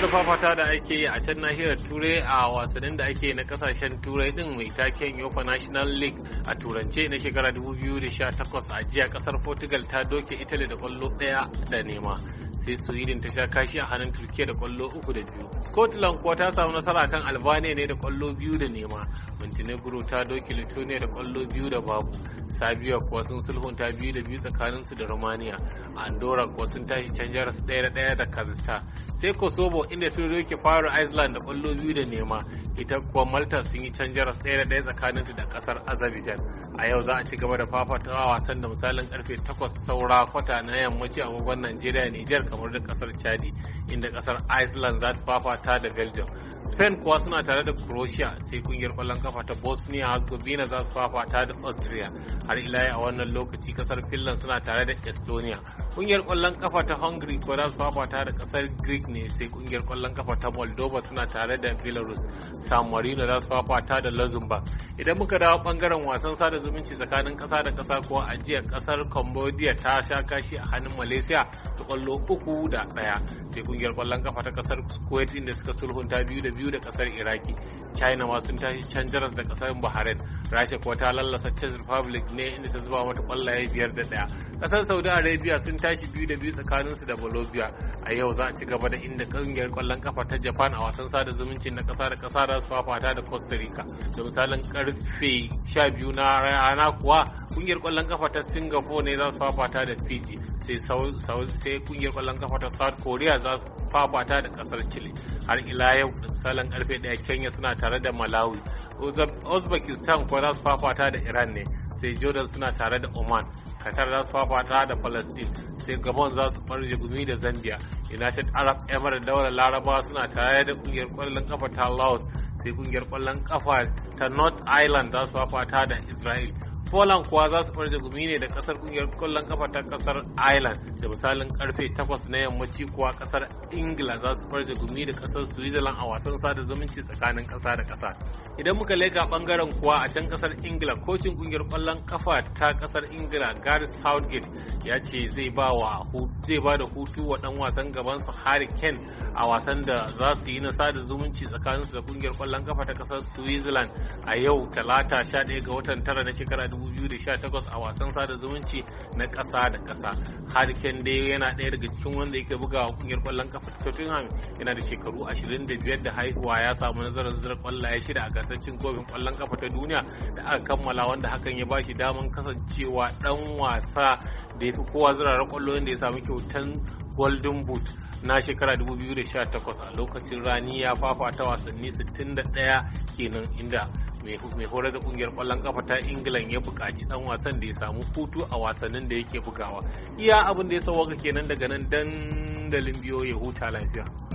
gaba da fafata da ake yi a can nahiyar turai a wasannin da ake na kasashen turai din mai taken yoko national league a turance na shekara 2018 a jiya kasar portugal ta doke italy da kwallo daya da nema sai sweden ta sha kashi a hannun turkiya da kwallo uku da biyu scotland kuwa ta samu nasara kan albania ne da kwallo biyu da nema montenegro ta doke lithuania da kwallo biyu da babu biyu kuwa sun ta biyu da biyu tsakanin su da romania andorra kuwa sun tashi can su ɗaya da ɗaya da kazista sai kosovo inda sun doke faro iceland da kwallo biyu da nema ita kuwa malta sun yi can su ɗaya da ɗaya su da ƙasar azerbaijan a yau za a ci gaba da fafatawa wasan da misalin karfe 8 saura kwata na yammaci agogon najeriya niger kamar da ƙasar chadi inda kasar iceland za ta fafata da belgium spain kuwa suna tare da croatia sai kungiyar kwallon kafa ta bosnia herzegovina za su fafata da austria har ila a wannan lokaci kasar finland suna tare da estonia kungiyar kwallon kafa ta hungary kuwa za su fafata da kasar greek ne sai kungiyar kwallon kafa ta moldova suna tare da belarus san marino za su fafata da luxembourg idan muka dawo bangaren wasan sada zumunci tsakanin kasa da kasa ko a jiya kasar cambodia ta sha kashi a hannun malaysia ta kwallo uku da daya sai kungiyar kwallon kafa ta kasar kuwait inda suka sulhunta biyu da biyu da kasar iraki china ma sun tashi can da kasar bahrain rasha kuwa ta lallasa czech republic ne inda ta zuba mata kwallaye biyar da daya kasar saudi arabia sun tashi biyu da biyu tsakaninsu da bolivia a yau za a ci gaba da inda kungiyar kwallon kafa ta japan a wasan sada zumunci na kasa da kasa da su fafata da costa rica da misalin karfe 12 na rana kuwa kungiyar kwallon kafa ta singapore ne za su fafata da fiji sai kungiyar kwallon kafa ta south korea za su fafata da kasar chile har ila yau misalin karfe 1 kenya suna tare da malawi uzbekistan kuwa za su fafata da iran ne sai jordan suna tare da oman qatar za su fafata da palestine sai gabon za su fara gumi da zambia united arab emirates wani laraba suna tare da kungiyar kwallon kafa ta laos sai kungiyar kwallon kafa ta north island za su fafata da israel Poland kuwa za su fara jigumi ne da kasar kungiyar kwallon kafa ta kasar Ireland da misalin karfe 8 na yammaci kuwa kasar Ingila za su farje gumi da kasar Switzerland a wasan sada zumunci tsakanin kasa da kasa. idan muka leka bangaren kuwa a can kasar ingila kocin kungiyar kwallon kafa ta kasar ingila gareth southgate ya ce zai ba da hutu wa dan wasan su harry kane a wasan da za su yi na sada zumunci tsakanin su da kungiyar kwallon kafa ta kasar switzerland a yau talata 11 ga watan tara na shekara 2018 a wasan sada zumunci na kasa da kasa Harry Kane dai yana ɗaya daga cikin wanda yake buga kungiyar ƙwallon kafa ta Tottenham yana da shekaru 25 da haihuwa ya samu nazarar zarar kwallaye shida a gasar cin kofin ƙwallon kafa ta duniya da aka kammala wanda hakan ya bashi daman kasancewa ɗan wasa da ya fi kowa ziraren kwallo da ya samu kyautan Golden Boot na shekara 2018 a lokacin rani ya fafata wasanni 61 kenan inda mai horar da kungiyar kwallon kafa ta England ya bukaci dan wasan da ya samu hutu a wasannin da yake bugawa. Iya abin da ya sauwaka kenan daga nan dandalin biyo ya huta lafiya.